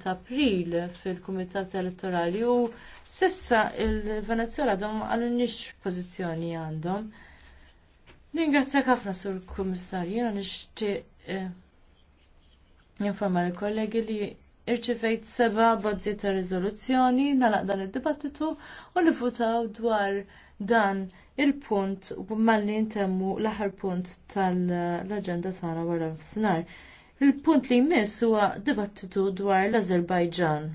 ta' april fil-Kumitat Elettorali u sissa il-Venezuela għadhom għal-nix pozizjoni għandhom. Ningrazzjak ħafna sur kummissarju jena nixtieq eh, informa l kollegi li irċifejt seba bozzi ta' riżoluzzjoni nalaq dan id-dibattitu u li futaw dwar dan il-punt u malli ntemmu l-aħar punt tal-agenda tagħna wara f'sinar. Il-punt li jmiss huwa dibattitu dwar l-Azerbajġan.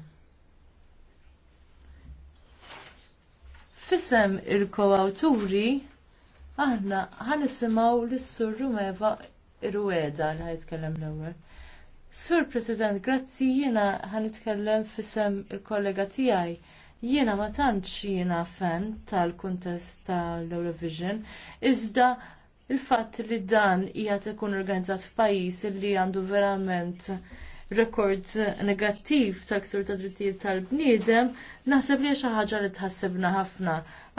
Fisem il-koawturi aħna ħanisimaw lis-Sur Rumeva Irweda li ħajtkellem l-ewwel. Sur President, grazzi jiena ħanitkellem fisem il-kollega tiegħi. Jiena ma tantx jiena fan tal-kuntest tal-Eurovision, iżda Il-fatt li dan hija ikun organizzat f'pajjiż li għandu verament rekord negattiv tal-ksur ta' drittijiet tal-bniedem, naħseb li xi ħaġa li tħassibna ħafna.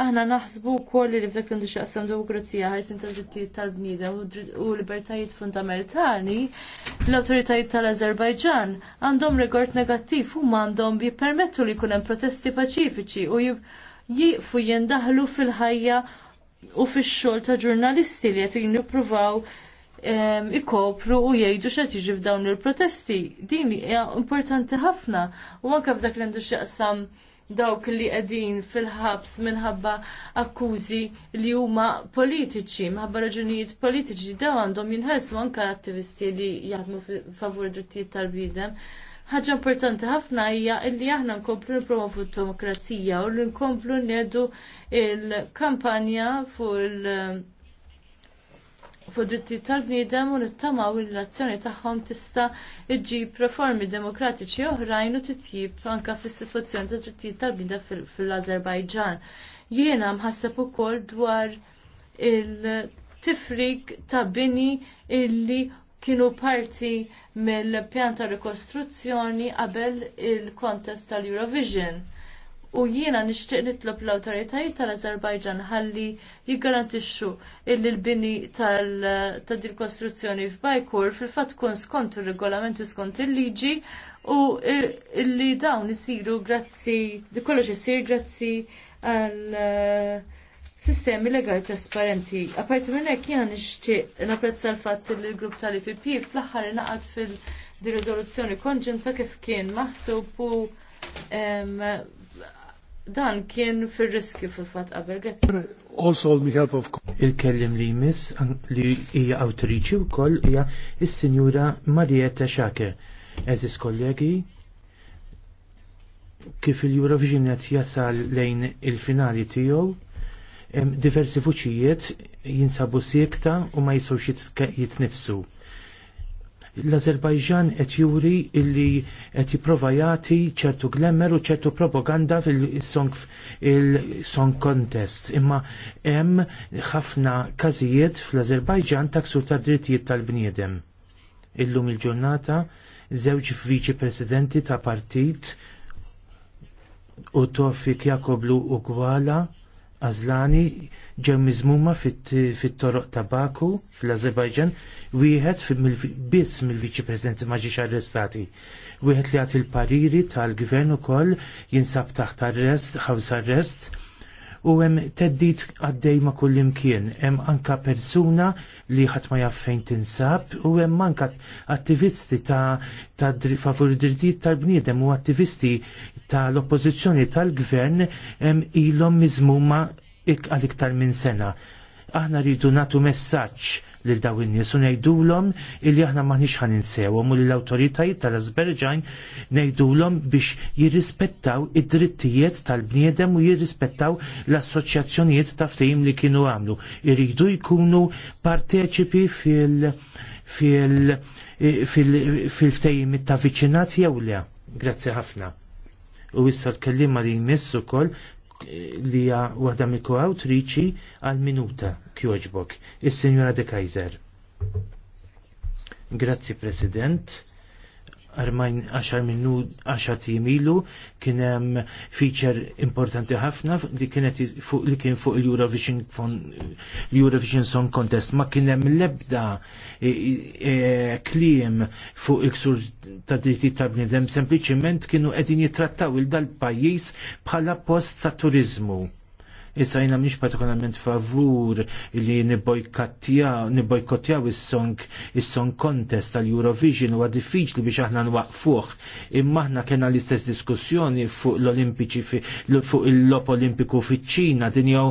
Aħna naħsbu wkoll li f'dak li xaqsam demokrazija ħarsin tad drittijiet tal-bniedem u libertajiet fundamentali, l-awtoritajiet tal-Azerbajġan għandhom rekord negattiv u għandhom jippermettu li jkun hemm protesti paċifiċi u jifu jindaħlu fil-ħajja u fix-xogħol ta' ġurnalisti li qed jippruvaw ehm, ikopru u jgħidu xa tiġi f'dawn il-protesti. Din hija importanti ħafna u anke f'dak li għandu x'jaqsam dawk li qegħdin fil-ħabs minħabba akkużi li huma politiċi, minħabba raġunijiet politiċi daw għandhom jinħessu anke attivisti li jaħdmu favur drittijiet tal bidem ħaġa importanti ħafna hija illi aħna nkomplu nipromovu d-demokrazija u li nkomplu nedu il-kampanja fuq il- fuq dritti tal-bniedem u nittamaw il azzjoni tagħhom tista' iġġib reformi demokratiċi oħrajn u titjib anke fis-sitwazzjoni ta' drittijiet tal-bniedem fil-Azerbajġan. Jiena mħasseb ukoll dwar il-tifrik ta' bini illi kienu parti mill-pjan ta' rikostruzzjoni qabel il-kontest tal-Eurovision. U jiena nixtieq nitlob l-awtoritajiet tal-Azerbajġan ħalli jiggarantixxu illi l-bini ta' din kostruzzjoni f'Bajkur fil-fatt tkun skont ir-regolamenti skont il-liġi u illi dawn isiru grazzi, kollox isir grazzi għal sistemi legali trasparenti. Apparti minn hekk jiena nixtieq napprezza l-fatt li l-grupp tal-IPP fl-aħħar ingħaqad fil riżoluzzjoni konġunta kif kien maħsub u dan kien fil-riskju fil-fatt qabel. Also on behalf of il-kellim li jmiss li hija awtriċi wkoll hija s sinjura Marietta Xake. Eżis kollegi, kif il-Eurovision qed jasal lejn il-finali tiegħu, diversi vuċijiet jinsabu siekta u ma jisux jitnifsu. L-Azerbajġan qed juri illi qed jipprova ċertu glemmer u ċertu propaganda fil-song il-song contest. Imma hemm ħafna każijiet fl-Azerbajġan taksur ta' drittijiet tal-bniedem. Illum il-ġurnata żewġ viċi presidenti ta' partit u Tofik Jakoblu u Gwala Azlani ġew miżmuma fit-toroq ta' Baku fl-Azerbajġan, wieħed biss mill-Viċi President ma ġiex arrestati. Wieħed li għat il-pariri tal-gvern ukoll jinsab taħt arrest, ħaws arrest, u hemm teddit għaddej ma' kull imkien. Hemm anka persuna li ħadd ma jaf fejn tinsab u hemm anka attivisti ta', ta favur drittijiet tal-bniedem u attivisti tal-oppożizzjoni tal-gvern hemm ilhom miżmuma għal iktar minn sena. Aħna rridu natu messaġġ lil dawin in-nies u ngħidulhom illi aħna maħniex ħan insewhom u lill-awtoritajiet tal azberġajn ngħidulhom biex jirrispettaw id-drittijiet tal-bniedem u jirrispettaw l-assoċjazzjonijiet ta' ftehim li kienu għamlu. Iridu jkunu parteċipi fil fil fil-ftehim ta' viċinat jew le. Grazzi ħafna. U issa l-kellim li jmiss ukoll li hija waħda mill-koawtriċi għal minuta kjoġbok, is-Sinjora De Kaiser. Grazzi President armajn 10 minnu 10 ilu kien hemm feature importanti ħafna li kienet fuq li kien fuq l-Eurovision l-Eurovision Song Contest ma kien hemm l-ebda e, e, e, kliem fuq il-ksur ta' dritti ta' bniedem sempliċement kienu qegħdin jitrattaw il dal pajjiż bħala post ta' turizmu Issa jina mniex partikolarment favur li nibojkottjaw is-song il song contest tal-Eurovision huwa diffiċli biex aħna nwaqfuh. Imma aħna kena l-istess diskussjoni fuq l-Olimpiċi fuq il-lop Olimpiku fiċ-Ċina din hija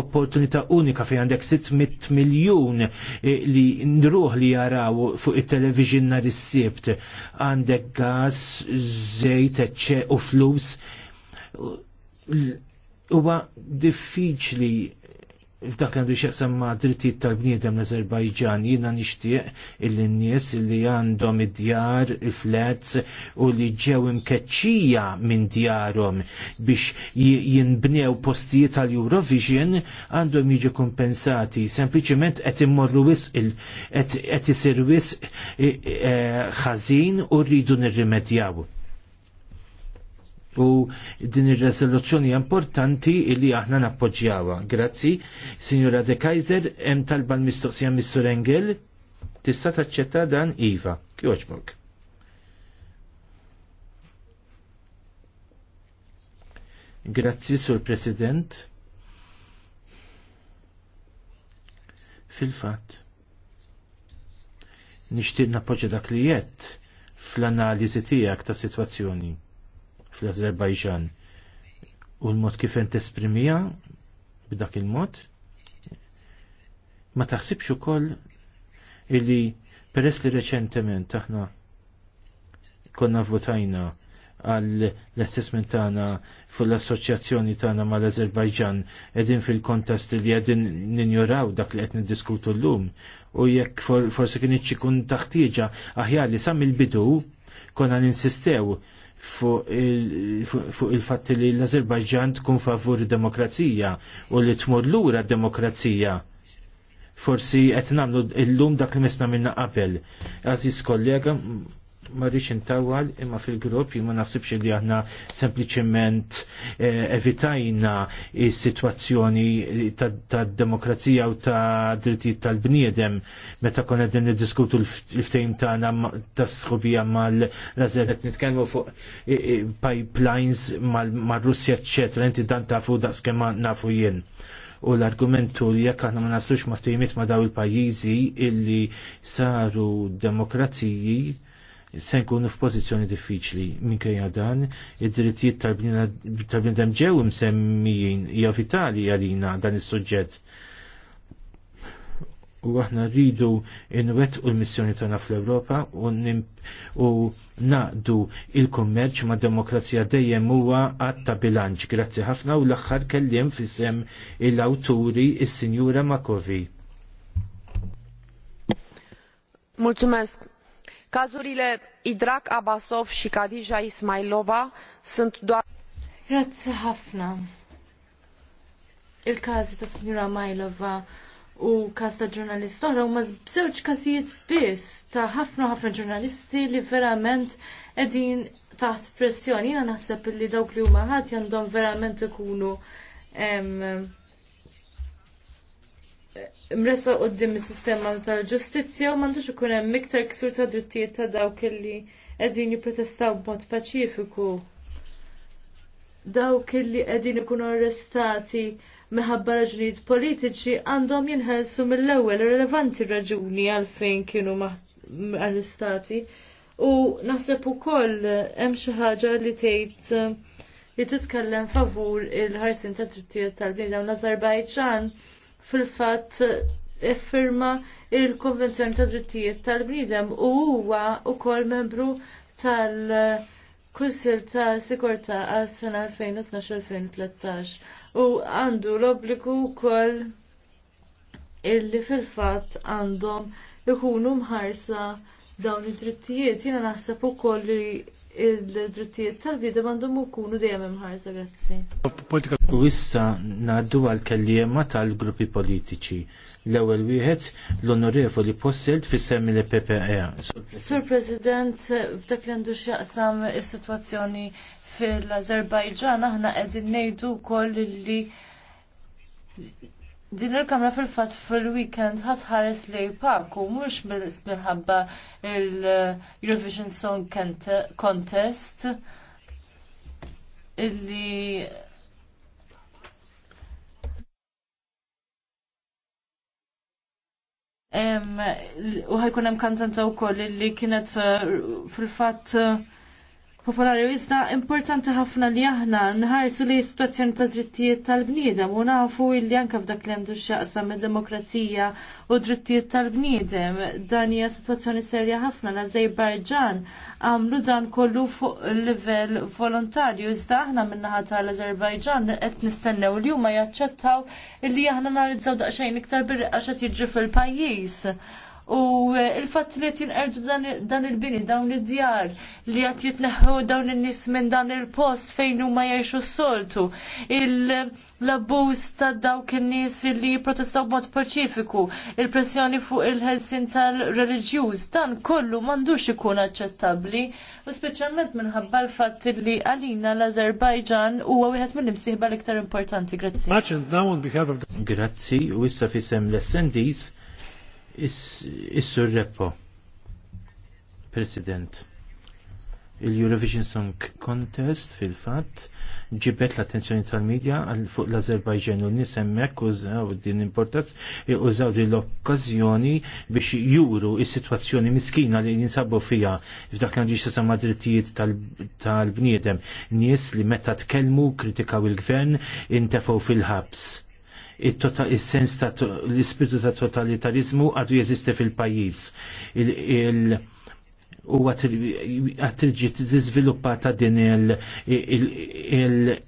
opportunità unika fi għandek 600 miljun eh, li nruħ li jaraw fuq it-television nar is-sibt għandek gas, żejt, u flus huwa diffiċli f'dak li għandu xieqsam ma' drittijiet tal-bniedem l-Azerbajġan jina nixtieq il-nies li għandhom id-djar, il-flets u li ġew imkeċċija minn djarhom biex jinbnew postijiet tal-Eurovision għandhom jiġu kompensati. Sempliċement qed immorru wisq qed isir wisq e, e, ħażin u rridu nirrimedjaw u din ir-resoluzzjoni importanti li aħna nappoġġjawha. Grazzi, Signora De Kaiser, hemm talba l-mistoqsija Mr. Engel, tista' taċċetta dan Iva. Kjoġbok. Grazzi, Sur President. Fil-fatt. Nixtieq nappoġġja dak li jett fl-analiżi tiegħek ta' sitwazzjoni fl-Azerbajġan. U l-mod kif jent esprimija b'dak il-mod, ma taħsibx ukoll illi peress li reċentement aħna konna votajna għal l-assessment tagħna fuq l-assoċjazzjoni tagħna mal-Azerbajġan qegħdin fil-kontest li qegħdin ninjoraw dak li qed niddiskutu llum u jekk forsi kien ikun taħtieġa aħjar li sam il-bidu konna ninsistew fuq il-fatt li l-Azerbajġan tkun favur demokrazija u li tmur lura demokrazija. Forsi qed nagħmlu llum dak li mesna minna qabel. Aziz kollega, ma rridx intawal imma fil-grupp ma naħsibx li aħna sempliċement eh, evitajna is-sitwazzjoni tad-demokrazija u tad drittijiet tal-bniedem meta kon qegħdin niddiskutu l-ftehim tagħna tas-sħubija mal-Lażeret nitkellmu fuq eh, eh, pipelines mar-Russja eċċetra inti dan tafu daqskemm nafu jien u l-argumentu li jekk aħna ma naslux ma' ma' daw il-pajjiżi illi saru demokraziji se nkunu f'pożizzjoni diffiċli minkejja dan id-drittijiet tal-bniedem ġew msemmijin hija vitali għalina dan is-suġġett. U aħna rridu inwet u l-missjoni tagħna fl-Ewropa u naqdu il-kummerċ ma' demokrazija dejjem huwa għatta bilanċ. Grazzi ħafna u l-aħħar kelliem fisem il-awturi is-Sinjura Makovi. Mulțumesc! Cazurile Idrak Abbasov și Khadija Ismailova sunt doar... Grazie ħafna. Il-kazi ta' signora Mailova u każ ta' ġurnalista oħra huma żewġ każijiet biss ta' ħafna ħafna ġurnalisti li verament qegħdin taħt pressjoni. Jiena naħseb li dawk li huma ħadd għandhom verament ikunu mresa u is-sistema tal-ġustizzja u m'għandux ikun hemm iktar ksur ta' drittijiet ta' dawk li qegħdin jipprotestaw b'mod paċifiku. Dawk li qegħdin ikunu arrestati minħabba raġunijiet politiċi għandhom jinħelsu mill-ewwel rilevanti raġuni għalfejn kienu arrestati. U naħseb ukoll hemm xi ħaġa li tgħid li titkellem favur il-ħarsin ta' drittijiet tal-bniedem l-Azerbajġan fil-fatt iffirma il-Konvenzjoni ta' Drittijiet tal-Bniedem u huwa wkoll membru tal kunsill ta' Sigurtà għas-sena 2012-2013 u għandu l-obbligu wkoll illi fil-fatt għandhom ikunu mħarsa dawn id-drittijiet. Jiena naħseb ukoll li il-drittijiet tal vida għandhom ikunu dejjem imħarsa grazzi. Politika u issa naddu għal kelliema tal-gruppi politiċi. L-ewwel wieħed l-Onorevoli Posselt fis-semmi l PPE. Sur President, f'dak li għandu x'jaqsam is-sitwazzjoni fil-Azerbajġan aħna qegħdin ngħidu wkoll li Din il-kamra fil-fat fil-weekend ħasħares li u mux minħabba il-Eurovision Song Contest illi u ħajkun hemm u wkoll li kienet eh, fil-fatt eh, popolari iżda importanti ħafna li aħna nħarsu li situazzjoni ta' drittijiet tal-bniedem u nafu li anka f'dak li għandu xaqsa id-demokrazija u drittijiet tal-bniedem. Dan hija situazzjoni serja ħafna la Azerbajġan għamlu dan kollu fuq livell volontarju iżda aħna minnaħa tal-Azerbajġan qed nistennew li huma jaċċettaw li aħna narizzaw daqsxejn iktar birri għaxa jiġri fil-pajjiż U eh, il-fatt li qed jinqerdu dan il-bini, dawn id-djar, li qed jitneħħu dawn in-nies minn dan il-post fejn huma jgħixu s-soltu, l-abbuż ta' dawk in-nies li jipprotestaw b'mod paċifiku, il-pressjoni fuq il-ħelsin tal-reliġjuż, dan kollu m'għandux ikun aċċettabbli, u speċjalment minħabba l fat li għalina l-Azerbajġan huwa wieħed mill-imsieħba l-iktar importanti. Grazzi. Grazzi, u issa fissem l sendis Is-sur Reppo, President, il-Eurovision Song Contest fil-fat ġibet l-attenzjoni tal-medja fuq l-Azerbajġan u nisemmek użaw din importanz e użaw din l-okkazjoni biex juru is-sitwazzjoni miskina li jinsabu fija f'dak li għandix sama drittijiet tal-bniedem nies li meta tkellmu kritikaw il-gvern intefaw fil-ħabs il-sens ta' l-ispirtu ta' totalitarizmu għadu jeżiste fil-pajis. U għat t ta' din il-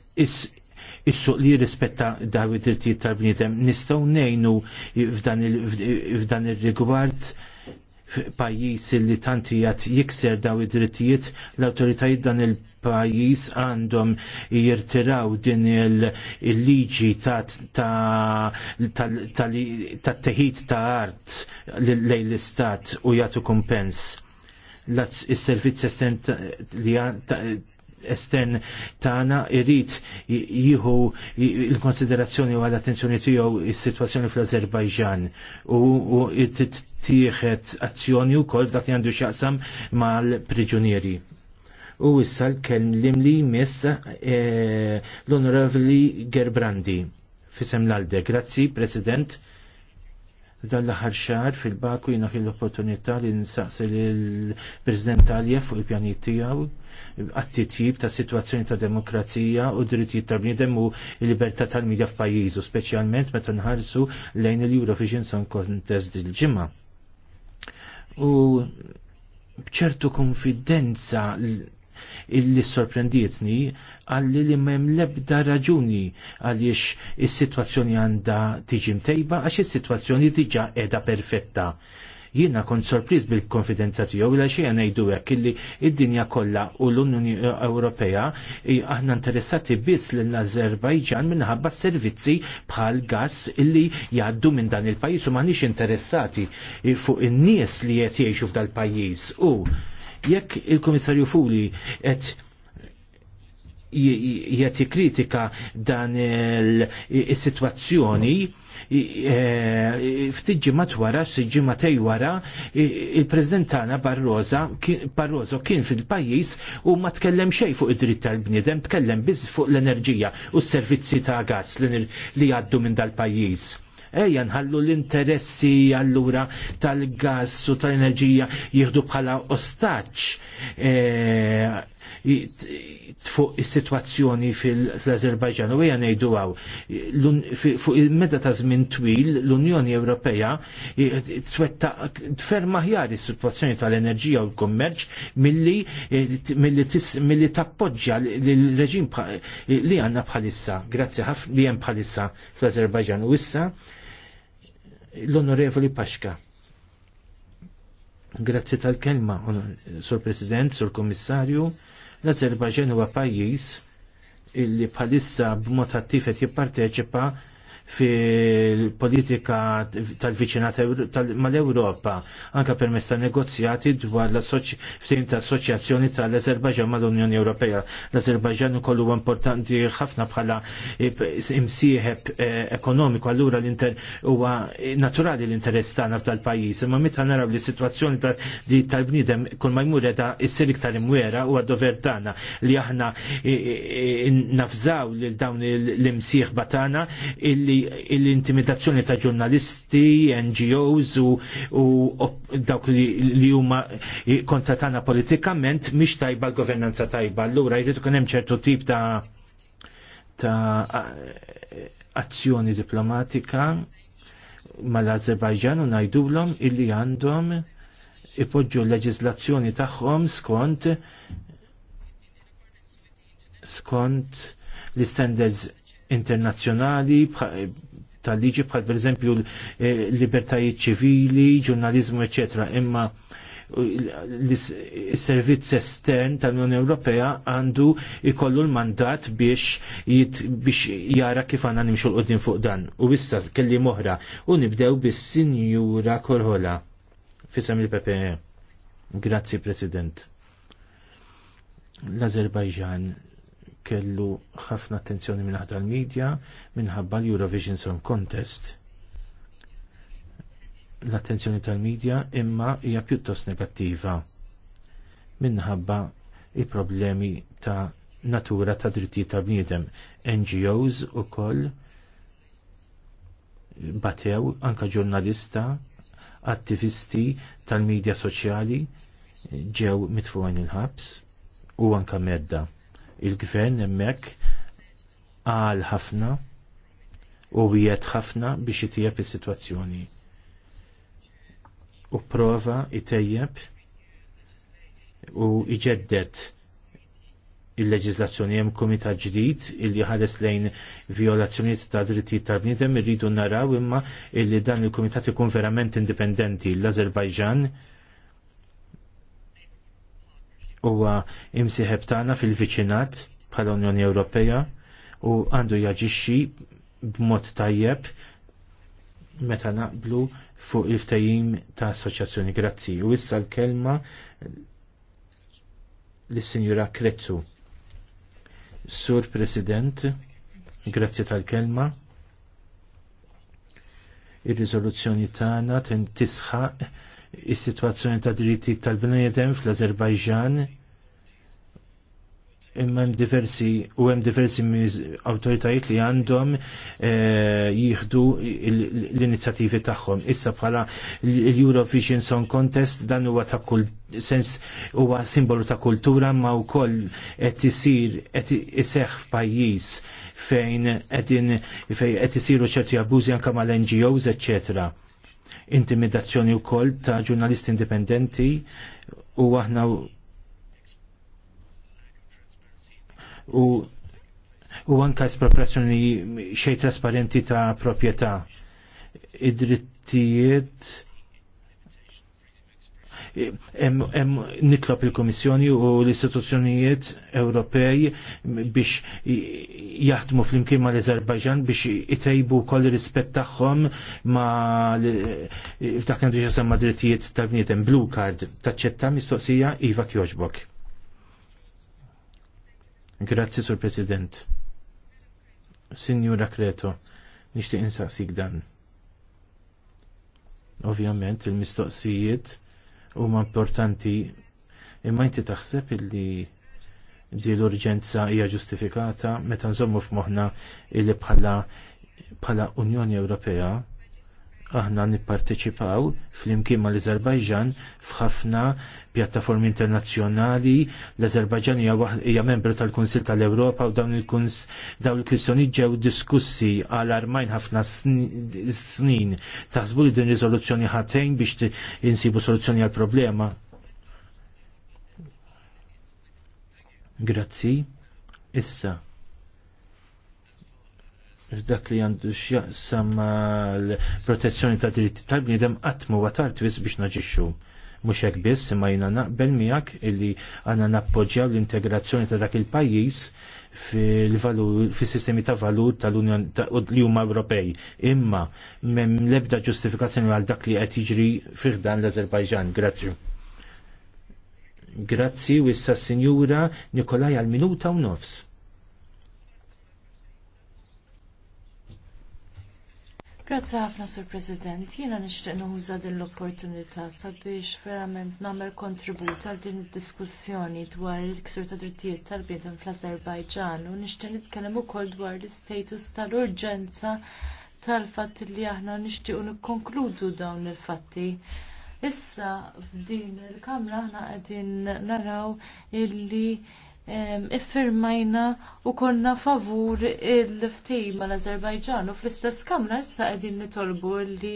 Is-suq li jirrispetta daw il drittijiet tal-bniedem nistgħu ngħinu f'dan ir-rigward pajis li tanti jgħat jikser daw id-drittijiet, l-autoritajiet dan il-pajjiż għandhom jirtiraw din il-liġi ta' teħid ta' art lejn l-istat u jagħtu kumpens. Is-servizz li estern tagħna irrid jieħu l-konsiderazzjoni u għall-attenzjoni tiegħu is-sitwazzjoni fl-Azerbajġan u tieħed azzjoni wkoll f'dak li għandu x'jaqsam mal-priġunieri. U issa l-kellim li miss e, l-Onorevoli Gerbrandi fisem l-Alde. Grazzi, President dan l-aħħar xahar fil-Baku jina l-opportunità li nsaqsi lill-President Aljef u il-pjanijiet tiegħu għattitjib ta' situazzjoni ta' demokrazija u drittijiet ta' bniedem u libertà tal-medja f'pajjiżu, speċjalment meta nħarsu lejn il-Eurovision Song Contest il-ġimgħa. U bċertu konfidenza illi sorprendietni għalli li mem lebda raġuni għaliex is-sitwazzjoni għanda tiġi mtejba għax is-sitwazzjoni diġa edha perfetta. Jiena kont sorpriż bil-konfidenza tiegħu illa xejn ngħidu hekk illi id-dinja kollha u l-Unjoni Ewropea aħna interessati biss lill-Azerbajġan minħabba servizzi bħal gass illi jgħaddu minn dan il-pajjiż u maħnix interessati fuq in-nies li qed jgħixu f'dal pajjiż u jekk il-Komissarju Fuli qed jeti kritika dan il-situazzjoni ftiġi matwara, siġi matej wara, il-President Tana Barroso kien fil-pajjiż u ma tkellem xejn fuq id-dritt tal-bniedem, tkellem biss fuq l-enerġija u s-servizzi ta' gas li għaddu minn dal-pajjiż. Ejja nħallu l-interessi allura tal-gas u tal-enerġija jieħdu bħala ostaċ eh, fuq is-sitwazzjoni fil-Azerbajġan u hija ejdu għaw fuq il medda ta' żmien twil l-Unjoni Ewropea twetta tferma ħjar is-sitwazzjoni tal-enerġija u l-kummerċ milli tappoġġja l-reġim li għandna bħalissa, grazzi ħafna li hemm bħalissa fl-Azerbajġan u issa l-Onorevoli Paxka. Grazzi tal-kelma, Sur President, Sur Kommissarju L-Azerbajġan huwa pajjiż illi bħalissa b'mod attiv qed jipparteċipa fil-politika tal viċinata mal-Europa, anka permess ta' negozjati dwar l-ftim ta' assoċjazzjoni tal-Azerbajġan mal-Unjoni Ewropea. L-Azerbajġan kollu importanti ħafna bħala imsieħeb eh, ekonomiku, allura l-inter huwa naturali l-interess tagħna f'dal-pajjiż, imma meta naraw li situazzjoni tal-bniedem kull ma jmur s issir iktar imwera huwa dover tagħna li aħna nafżaw lil dawn l-imsieħba tagħna illi l-intimidazzjoni ta' ġurnalisti, NGOs u, u dawk li huma tagħna politikament mhix tajba l-governanza tajba. Allura jrid ikun hemm ċertu tip ta' ta' azzjoni diplomatika mal-Azerbajġan u ngħidulhom illi għandhom ipoġġu l-leġiżlazzjoni tagħhom skont skont l-standards internazzjonali tal-liġi bħal per eżempju eh, libertajiet ċivili, ġurnalizmu, ecc. Imma eh, l-servizz estern tal-Unjoni Ewropea għandu ikollu l-mandat biex jara kif għanna nimxu l qoddin fuq dan. U issa kelli moħra u nibdew bis-sinjura Korhola Fisam il-PPE. Grazzi, President l-Azerbajġan kellu ħafna attenzjoni minn ħadd l-medja minħabba l-Eurovision Song Contest. L-attenzjoni tal-medja imma hija pjuttost negattiva minħabba il-problemi ta' natura ta' drittijiet ta' bniedem. NGOs u koll batew anka ġurnalista, attivisti tal-medja soċjali ġew mitfuħan il-ħabs u anka medda Il-gvern hemmhekk għal ħafna u wiet ħafna biex itjeb is-sitwazzjoni. U prova itejjeb u iġeddet il-leġizlazzjoni hemm komitat ġdid illi ħares lejn violazzjoniet ta' drittijiet tal-bniedem irridu naraw imma illi dan il-komitat ikun verament indipendenti l-Azerbajġan huwa imsieħeb tagħna fil-viċinat bħala Unjoni Ewropea u għandu jaġixxi b'mod tajjeb meta naqblu fuq il-ftajim ta' assoċjazzjoni. Grazzi. U issa l-kelma l-Sinjura Krezzu. Sur President, grazzi tal-kelma. Ir-riżoluzzjoni tagħna tisħaq is-sitwazzjoni ta' dritti tal bnejedem fl-Azerbajġan imma hemm diversi u hemm diversi awtoritajiet li għandhom eh, jieħdu l-inizjattivi tagħhom. Issa bħala l-Eurovision Song Contest dan huwa ta' kull sens huwa simbolu ta' kultura ma wkoll qed isir qed iseħħ f'pajjiż fejn qegħdin fejn qed isiru ċerti abbużi anke mal-NGOs, eċċetera intimidazzjoni wkoll ta' ġurnalisti indipendenti u aħna u u anka espropriazzjoni xej trasparenti ta' proprjetà id-drittijiet nitlob il-Komissjoni u l-istituzzjonijiet Ewropej biex jaħdmu fl-imkien ma l-Azerbajġan biex itejbu koll rispett tagħhom ma f'dak għandu semma drittijiet tal-bniedem blue card taċċetta mistoqsija Iva Kjoġbok. Grazzi, Sur President. Signora Kreto, nishtiq insaqsik dan ovvjament il-mistoqsijiet huma importanti imma inti taħseb illi di l-urġenza hija ġustifikata meta nżommu f'moħħna illi bħala bħala Unjoni Ewropea aħna nipparteċipaw fl-imkien ma l-Azerbajġan f'ħafna pjattaformi internazzjonali. L-Azerbajġan hija membru tal-Kunsil tal-Ewropa u dawn il-kwistjoni dawn il ġew diskussi għal armajn ħafna snin. Taħsbu li din riżoluzzjoni ħatejn biex insibu soluzzjoni għal problema. Grazzi. Issa f'dak li għandu x'jaqsam l-protezzjoni ta' diritti tal-bniedem għatmu għatart wis biex naġixxu. Mhux hekk biss imma jiena naqbel miegħek illi għandna nappoġġjaw l-integrazzjoni ta' dak il-pajjiż fis-sistemi ta' valur tal-Unjon li juma Ewropej. Imma m'hemm l-ebda ġustifikazzjoni għal dak li qed jiġri fih dan l-Azerbajġan. Grazzi. Grazzi wissa issa Sinjura Nikolaj għal minuta u nofs. Grazzi ħafna, Sur President. Jiena nixtieq nuża din l-opportunità sabiex verament nagħmel kontribut għal din id-diskussjoni dwar il-ksur ta' drittijiet tal-bniedem fl-Azerbajġan u nixtieq nitkellem ukoll dwar l-istatus tal-urġenza tal-fatt li aħna nixtiequ nikkonkludu dawn il-fatti. Issa f'din il-kamra aħna qegħdin naraw illi iffirmajna u konna favur il-ftej mal l-Azerbajġan u fl-istess kamra issa qegħdin nitolbu li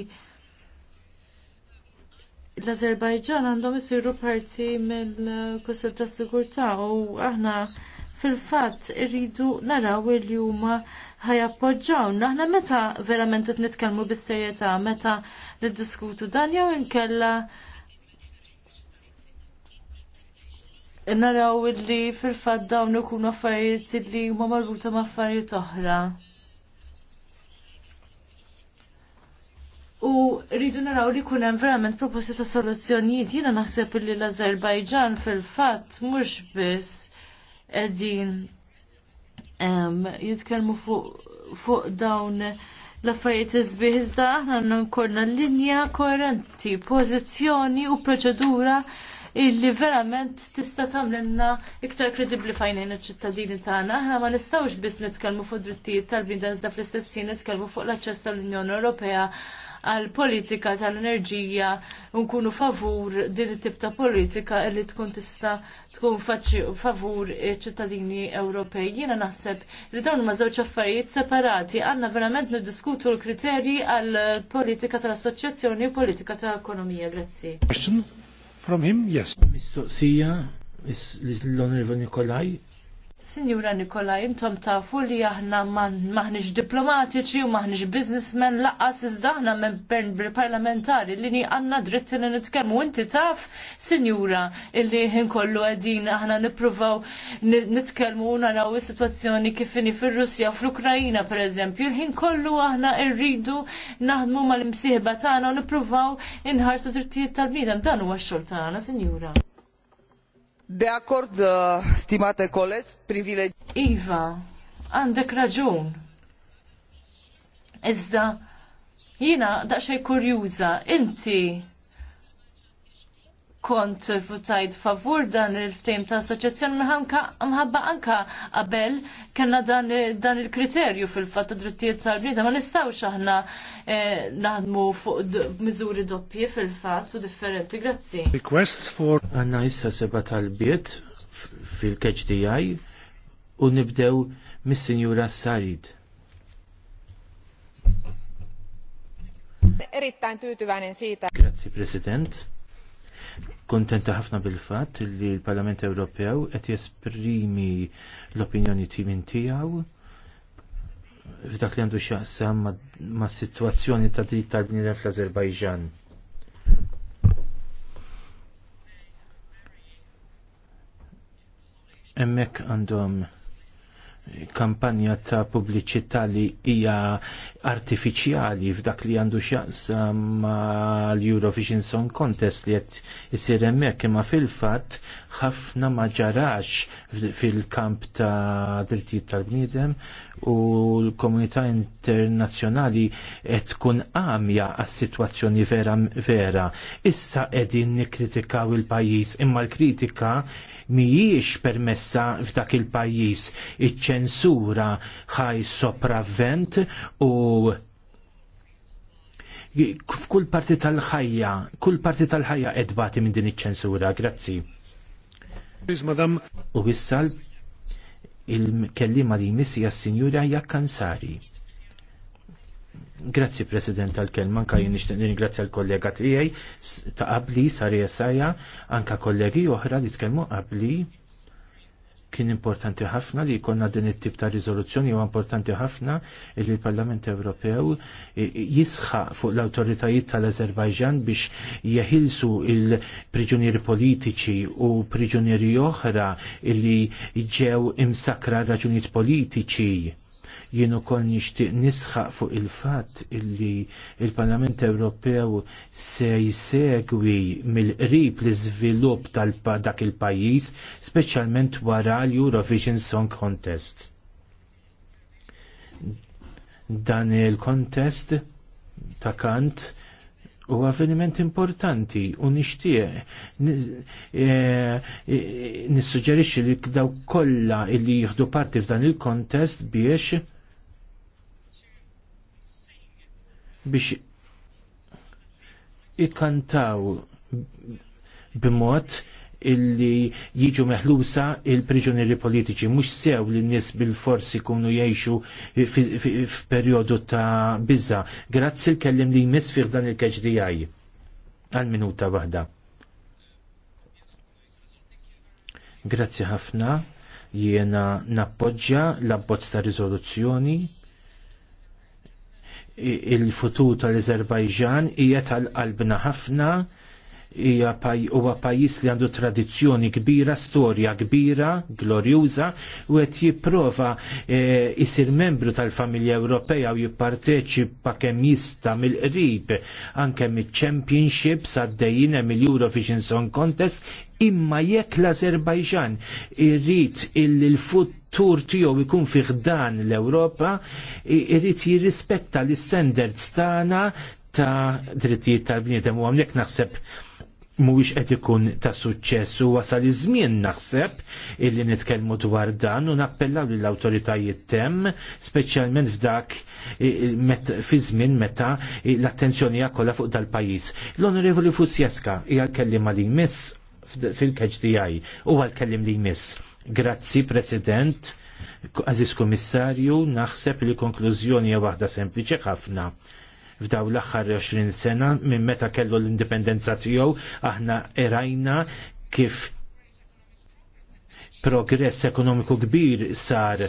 l-Azerbajġan għandhom isiru parti mill-Kusel ta' Sigurtà u aħna fil-fatt irridu naraw li huma ħajappoġġaw. Aħna meta verament qed nitkellmu bis-serjetà meta niddiskutu dan jew inkella naraw illi fil-fatt dawn ikun affarijiet li huma marbuta ma' affarijiet oħra. U rridu naraw li kun hemm verament proposti ta' soluzzjonijiet. Jiena naħseb illi l-Azerbajġan fil-fatt mhux biss qegħdin jitkellmu fuq dawn l-affarijiet iżbieħ iżda aħna nkorna linja koerenti, pożizzjoni u proċedura illi verament tista' tagħmlilna iktar kredibbli fajnejn iċ-ċittadini tagħna. Aħna ma nistgħux biss nitkellmu fuq drittijiet tal-bniedem iżda fl-istess ħin nitkellmu fuq l-aċċess tal-Unjoni Ewropea għal politika tal-enerġija u nkunu favur din it-tip ta' politika li tkun tista' tkun favur ċittadini Ewropej. Jiena naħseb li dawn ma żewġ affarijiet separati għandna verament niddiskutu l-kriterji għal politika tal-assoċjazzjoni u politika tal-ekonomija. Grazzi from him? Yes. Mistoqsija, l-Onorevol Nikolaj, Sinjura Nikola, intom tafu li aħna maħniġ diplomatiċi u maħniġ biznismen laqqas iżda aħna membri parlamentari li ni għanna dritti li nitkellmu. Inti taf, Sinjura, illi ħin kollu għedin aħna nipruvaw nitkellmu u naraw is-sitwazzjoni kifini fir-Russja u fl-Ukrajina per eżempju. ħin kollu aħna rridu naħdmu mal-imsieħba tagħna u nippruvaw inħarsu drittijiet tal bnidem Dan huwa x-xogħol tagħna, Sinjura. De acord, uh, stimate colegi, privilegiat. Iva, għandek raġun. Iżda, jina daċċej kurjuża, inti kont votajt favur dan il-ftim ta' assoċjazzjoni mħabba anka qabel kena dan, il-kriterju fil-fat ta' drittijiet tal-bnieta ma nistawx aħna eh, naħdmu fuq miżuri doppji fil-fat u differenti. Grazzi. Requests for għanna issa seba tal-biet fil-KHDI u nibdew mis-Sinjura Sarid. Erittäin tyytyväinen siitä. Grazie, President kontenta ħafna bil-fatt li l-Parlament Ewropew qed jesprimi l-opinjoni tim tiegħu f'dak li għandu x'jaqsam ma' sitwazzjoni ta' dritt tal-bniedem fl-Azerbajġan. Emmek għandhom kampanja ta' pubbliċità li hija artifiċjali f'dak li għandu x'jaqsa ma' l-Eurovision Song Contest li qed isir hemmhekk imma fil-fatt ħafna ma ġarax fil-kamp ta' drittijiet tal-bniedem u l-komunità internazzjonali qed tkun għamja għas-sitwazzjoni vera vera. Issa qegħdin nikkritikaw il-pajjiż imma l-kritika mhijiex permessa f'dak il-pajjiż iċ ċensura ħaj sopravvent u f'kull parti tal-ħajja, kull parti tal-ħajja edbati minn din iċ-ċensura, grazzi. U wissal il-kellima li jmissija s-sinjura jakkansari. Grazzi President tal-kelma, anka jien nixtieq ningrazzja l-kollega tiegħi ta' qabli Sarja Saja, anka kollegi oħra li tkellmu qabli Kien importanti ħafna li jkollna din it-tip ta' riżoluzzjoni huwa importanti ħafna li l-Parlament Ewropew jisħaq fuq l-awtoritajiet tal-Azerbajġan biex jeħilsu il-priġunieri politiċi u priġunieri oħra li ġew imsakra raġunijiet politiċi Jien ukoll nixtieq nisħaq fuq il-fatt illi il-Parlament Ewropew se jisegwi mill-qrib l-iżvilupp tal-dak il-pajjiż, speċjalment wara l-Eurovision Song Contest. Dan il-kontest ta' kant u avveniment importanti u nixtieq e, e, nissuġġerixxi li daw kollha illi jieħdu parti f'dan il-kontest biex biex ikkantaw b'mod illi jiġu meħlusa il-priġunieri politiċi. Mux sew li nis bil-forsi kunu jiexu f-periodu ta' bizza. Grazzi l-kellim li jmiss fiħ dan il għaj. Għal-minuta wahda. Grazzi ħafna jiena nappoġġa l-abbozz ta' riżoluzzjoni il-futur tal-Azerbajġan hija tal-qalbna ħafna hija huwa pajjiż li għandu tradizzjoni kbira, storja kbira, glorjuża u qed jipprova e, isir membru tal-familja Ewropea u jipparteċipa kemm jista' mill-qrib anke mill-championships għaddejjin hemm il-Eurovision Song Contest imma jekk l-Azerbajġan irrid il-futur tiegħu jkun fih dan l-Ewropa, irrid jirrispetta l-istandards tagħna ta' drittijiet tal-bniedem u għamlek naħseb mhuwiex qed ikun ta' suċċess u wasal iż-żmien naħseb illi nitkellmu dwar dan u nappellaw lill awtoritajiet tem, speċjalment f'dak fi żmien meta l-attenzjoni hija kollha fuq dal-pajjiż. L-Onorevoli Fusjeska hija l-kellima li jmiss fil-KHDI u għal-kellim li jmiss. Grazzi, President, Aziz Komissarju, naħseb li konklużjoni hija waħda sempliċi ħafna f'daw l-aħħar 20 sena minn meta kellu l-indipendenza tiegħu aħna erajna kif progress ekonomiku kbir sar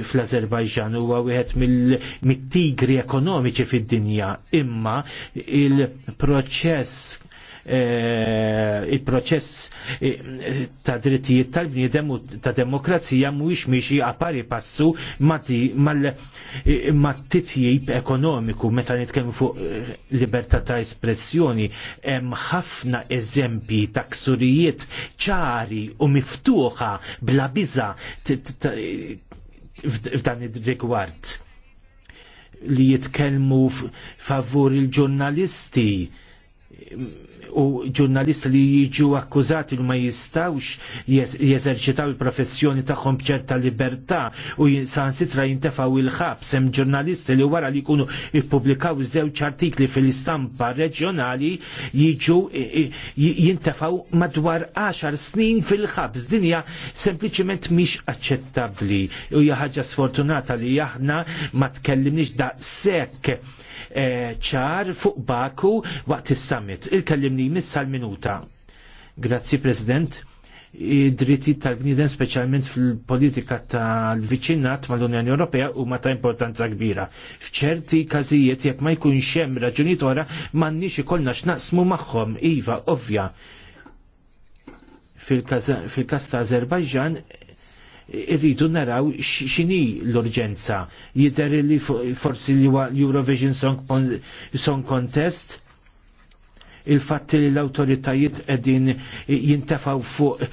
fl-Azerbajġan huwa wieħed mill-tigri ekonomiċi fid-dinja imma il-proċess eh, il-proċess eh, ta' drittijiet tal-bniedem u ta' demokrazija mhuwiex miexi appari passu mat-titjib eh, ekonomiku meta nitkellmu fuq eh, libertà ta' espressjoni hemm ħafna eżempji ta' ksurijiet ċari u miftuħa bla biża f'dan id-rigward li jitkellmu favur il-ġurnalisti u ġurnalisti li jiġu akkużati li ma jistawx jeżerċitaw il-professjoni tagħhom bċerta libertà u sitra jintefaw il-ħabs. Hemm ġurnalisti li wara li jkunu ippubblikaw żewġ artikli fil-istampa reġjonali jiġu jintefaw madwar 10 snin fil-ħabs. Dinja sempliċement mhix aċċettabbli u hija ħaġa sfortunata li aħna ma tkellimniex daqshekk Eh, ċar fuq Baku waqt is-summit. Il-kellimni nissa l-minuta. Grazzi President id-drittijiet tal bnidem speċjalment fil-politika tal-viċinat mal-Unjoni Ewropea huma ta' importanza kbira. F'ċerti każijiet jekk ma jkunx hemm raġunijiet oħra m'għandniex ikollna x'naqsmu magħhom iva ovvja. Fil-każ ta' Azerbajġan irridu naraw x'inhi l-urġenza. Jidher li forsi li l-Eurovision Song Contest il-fatt li l-autoritajiet qegħdin jintafaw fuq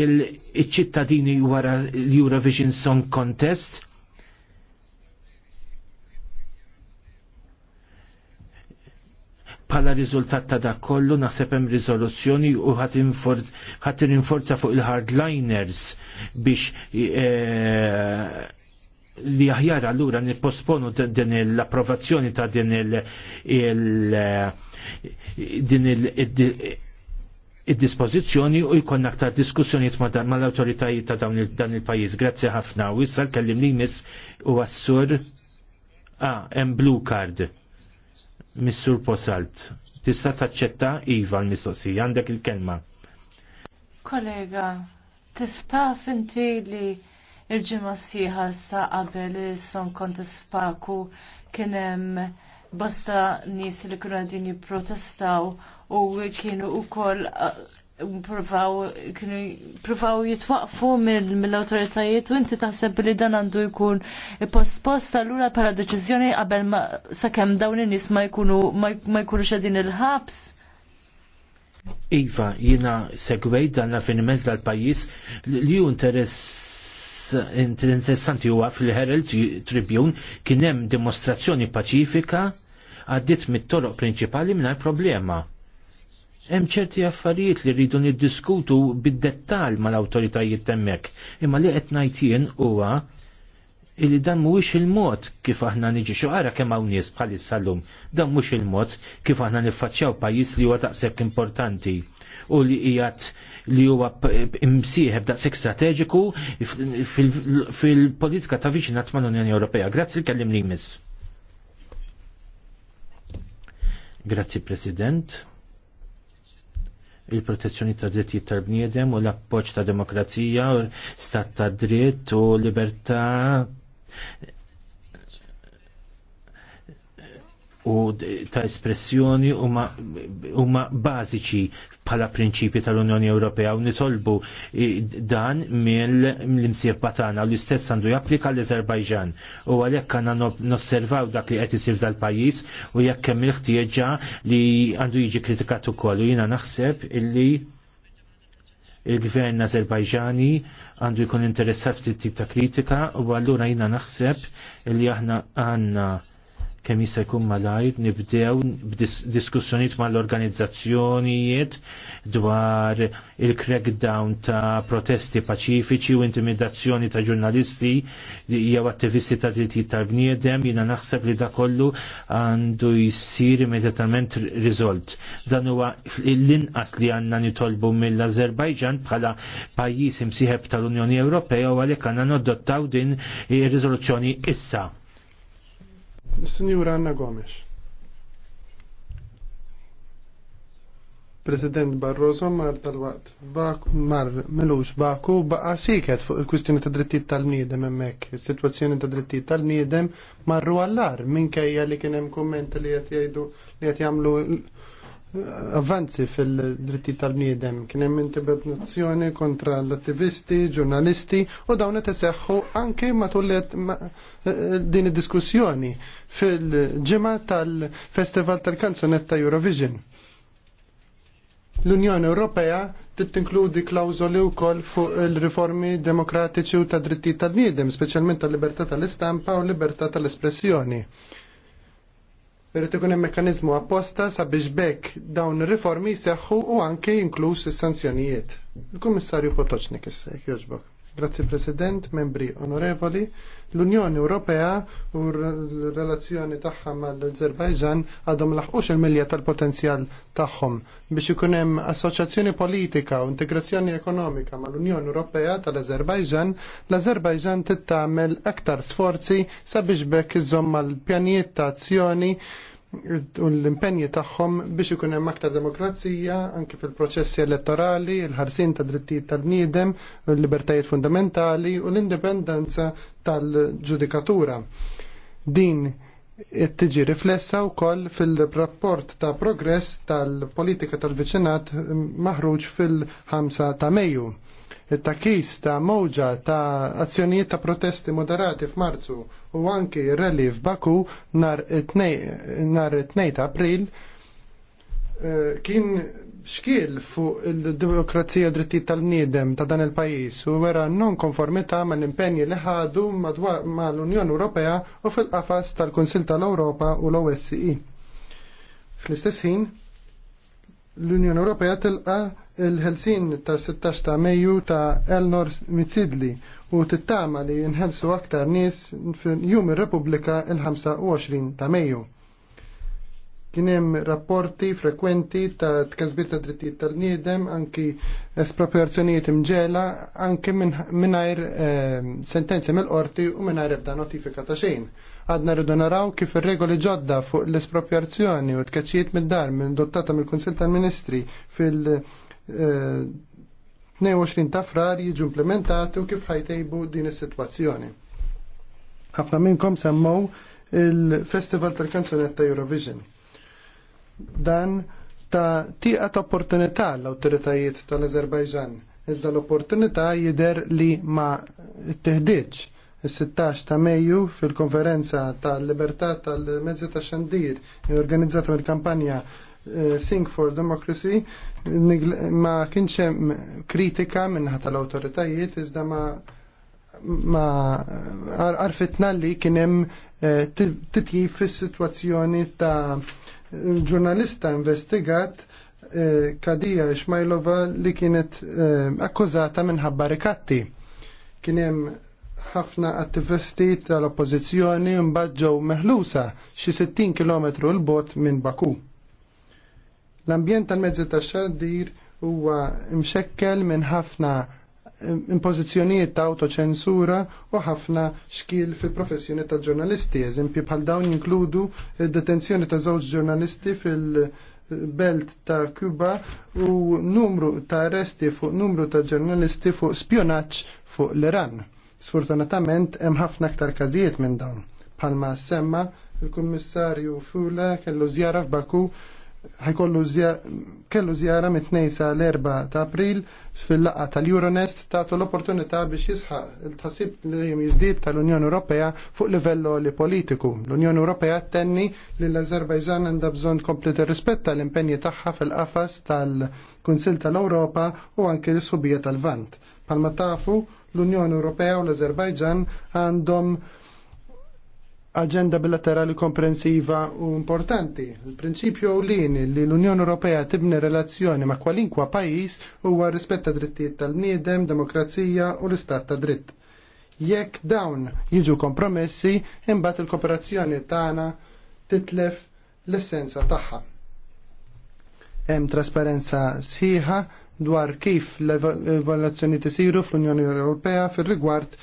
il-ċittadini wara l-Eurovision Song Contest Pala riżultat ta' dak kollu naħseb hemm riżoluzzjoni u ħadd rinforza fuq il-hardliners biex e, li aħjar allura nipposponu din l-approvazzjoni ta' din il-, din il, il dispozizjoni u jkollna aktar ma' mal-autoritajiet ta' dan il-pajjiż. Grazzi ħafna. U issa l-kellim li jmiss u għassur. Ah, hemm blue card. Missur Posalt, tista' taċċetta iva l-mistoqsija, għandek il-kelma. Kollega, tiftaf inti li il-ġimgħa sieħa sa qabel son kontes f'Paku kien hemm bosta nies li kienu qegħdin jipprotestaw u kienu wkoll provaw jitwaqfu mill-autoritajiet u inti taħseb li dan għandu jkun postpost allura para deċiżjoni qabel ma sakemm dawn in-nies ma jkunu ma jkunu xedin il-ħabs. Iva, jina segwej dan l-avveniment tal-pajis li ju interess interessanti huwa fil-Herald Tribune kien hemm dimostrazzjoni paċifika għaddit mit-toroq prinċipali mingħajr problema hemm ċerti affarijiet li rridu niddiskutu bid-dettal mal-awtoritajiet temmek. Imma li qed ngħid jien huwa li dan mhuwiex il-mod kif aħna niġi xi ara kemm hawn nies bħalissa llum. Dan mhux il-mod kif aħna niffaċċjaw pajjiż li huwa daqshekk importanti u li qiegħed li huwa imsieħeb daqshekk strateġiku fil-politika ta' viċinat mal-Unjoni Ewropea. Grazzi li kellim li Grazzi President il-protezzjoni ta' drittijiet tal-bniedem u l-appoġġ ta' demokrazija u stat ta' dritt u libertà u ta' espressjoni huma bażiċi bħala prinċipji tal-Unjoni Ewropea u nitolbu dan mill-imsiebba tagħna li stess għandu japplika l-Azerbajġan u għalhekk għandna nosservaw dak li qed isir dal-pajjiż u jekk hemm il-ħtieġa li għandu jiġi kritikat ukoll u jiena naħseb illi il-gvern Azerbajġani għandu jkun interessat fil-tip ta' kritika u allura jiena naħseb li aħna għandna kemm jista' jkun malajr nibdew diskussjonijiet mal-organizzazzjonijiet dwar il-crackdown ta' protesti paċifiċi u intimidazzjoni ta' ġurnalisti jew attivisti ta' diritti tal-bniedem jiena naħseb li da kollu għandu jsir immediatament riżolt. Dan huwa l-inqas li għandna nitolbu mill-Azerbajġan bħala pajjiż imsieħeb tal-Unjoni Ewropea u għalhekk għandna nodottaw din ir-riżoluzzjoni issa. Signora Anna Gomes. President Barroso mar tal-waqt mar melux baku baqa siket fuq il-kwistjoni ta' drittijiet tal-bniedem hemmhekk. Is-sitwazzjoni ta' drittijiet tal-bniedem marru għall-ar minkejja li kien hemm kumment li qed jgħidu li qed jagħmlu avvanzi fil-dritti tal-bniedem. Kien hemm intimidazzjoni kontra l-attivisti, ġurnalisti u dawn qed iseħħu anke matul din id-diskussjoni fil-ġimgħa tal-Festival tal-Kanzunetta Eurovision. L-Unjoni Ewropea tinkludi klawżoli wkoll fuq il-riformi demokratiċi u ta' dritti tal-bniedem, speċjalment tal-libertà tal-istampa u libertà tal-espressjoni. tal libertà tal espressjoni Irrid ikun hemm mekkaniżmu apposta sabiex bekk dawn ir-riformi jseħħu u anke inkluż is-sanzjonijiet. Il-Kummissarju Potoċnik issejk jogħġbok. Grazzi President, membri onorevoli, l-Unjoni Ewropea u r-relazzjoni tagħha mal-Azerbajġan għadhom laħqux il-milja tal-potenzjal tagħhom biex ikun hemm assoċjazzjoni politika u integrazzjoni ekonomika mal-Unjoni Ewropea tal-Azerbajġan, l-Azerbajġan tittamel aktar sforzi sabiex bekk iżomm mal-pjanijiet ta' azzjoni u l-impenji tagħhom biex ikun hemm aktar demokrazija anke fil-proċessi elettorali, il-ħarsin ta' drittijiet tal-bniedem, l-libertajiet fundamentali u l-indipendenza tal-ġudikatura. Din qed tiġi riflessa wkoll fil-rapport ta' progress tal-politika tal-viċinat maħruġ fil-5 ta' Mejju it-takis ta' mowġa ta' azzjonijiet ta' protesti moderati f'Marzu u anki rally f'Baku nar 2 ta' April eh, kien xkiel fuq il-demokrazija u drittijiet tal-bniedem ta' dan il-pajis u wera non konformità ma' l-impenji li ħadu ma' l-Unjoni Ewropea u fil-qafas tal-Konsil tal-Ewropa u l-OSCE. Fl-istess ħin, l-Unjoni Ewropea tilqa il-ħelsin ta' 16 ta' Mejju ta' Elnor Mitsidli u tittama li nħelsu aktar nies f'jum ir-Repubblika il-25 ta' Mejju. Kien hemm rapporti frekwenti ta' tkazbit ta' drittijiet tal-niedem, anki espropjazzjonijiet imġela, anki mingħajr eh, sentenzi mill-qorti u mingħajr ebda notifika ta' xejn. Għadna rridu naraw kif ir-regoli ġodda fuq l-espropjazzjoni u tkeċċijiet mid-dar minn dottata mill kunsill tal-Ministri fil- 22 eh, ta' frar jiġu implementati u kif ħajtejbu din is-sitwazzjoni. Ħafna minnkom semmow il-Festival tal-Kanzunetta Eurovision. Dan ta' tiqat opportunità l-autoritajiet tal-Azerbajġan. Iżda l-opportunità jider li ma teħdiċ il-16 ta' Mejju fil-konferenza tal-libertà tal-mezzi ta' xandir organizzata mill-kampanja Sing eh, for Democracy ma kienx hemm kritika minnaħa tal-awtoritajiet iżda ma ma għarfitna li kien hemm eh, titjib fis-sitwazzjoni ta' ġurnalista investigat eh, Kadija Ismailova li kienet akkużata minħabba rikatti. Kienem ħafna attivisti tal-oppożizzjoni mbagħad meħlusa xi 60 km l bot minn Baku. L-ambjent tal-mezzi tax-xandir huwa mxekkel minn ħafna impożizzjonijiet ta' autoċensura u ħafna xkil fil-professjoni ta' ġurnalisti Eżempju bħal dawn jinkludu detenzjoni ta' żewġ ġurnalisti fil- belt ta' Kuba u numru ta' arresti fuq numru ta' ġurnalisti fuq spionaċ fuq l-Iran. Sfortunatament hemm ħafna aktar każijiet minn dawn. Palma semma il-Kummissarju Fula kellu żjara f'Baku ħajkollu kellu zjara mit-2 sa l-4 ta' april fil laqgħa tal-Euronest tagħtu l-opportunità biex jisħaq il-tħassib li jiżdied tal-Unjoni Ewropea fuq livell li politiku. L-Unjoni Ewropea tenni li l-Azerbajġan għandha bżonn kompli tirrispetta l-impenji tagħha fil-qafas tal-Kunsill tal-Ewropa u anke l-Subija tal-Vant. Palma tafu l-Unjoni Ewropea u l-Azerbajġan għandhom agenda bilaterali komprensiva u importanti. Il-prinċipju lini li l-Unjoni Ewropea tibni relazzjoni ma' kwalinkwa pajis huwa rispetta drittijiet tal-niedem, demokrazija u l-istat ta' dritt. Jekk dawn jiġu kompromessi, imbagħad il-kooperazzjoni tagħna titlef l-essenza tagħha. Hemm trasparenza sħiħa dwar kif l-evaluazzjoni tisiru fl-Unjoni Ewropea fil-rigward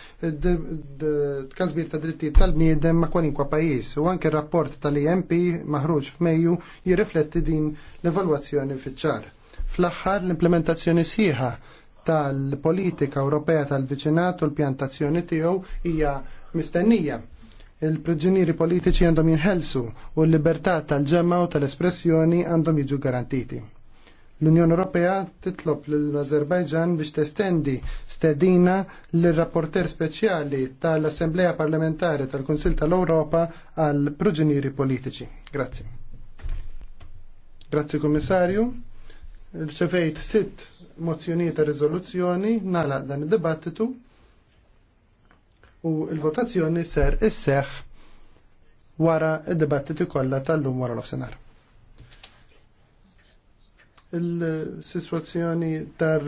kazbir ta' drittijiet tal-bniedem ma' kwalinkwa pajis. U anke rapport tal-IMP maħruġ f'Mejju jirrifletti din l-evaluazzjoni fiċ-ċar. Fl-aħħar l-implementazzjoni sħiħa tal-politika Ewropea tal-viċinat u l-pjantazzjoni tiegħu hija mistennija il-priġunieri politiċi għandhom jinħelsu u l-libertà tal-ġemma u tal-espressjoni għandhom jiġu garantiti. L-Unjoni Ewropea titlob l-Azerbajġan biex testendi stedina l-rapporter speċjali tal-Assemblea Parlamentari tal kunsill tal-Ewropa għal proġenieri politiċi. Grazzi. Grazzi Kummissarju. Rċevejt sitt mozzjonijiet ta' riżoluzzjoni nagħlaq dan id-dibattitu u l-votazzjoni ser isseħ wara id-dibattiti kollha tal-lum wara l-ofsenar il-sitwazzjoni tar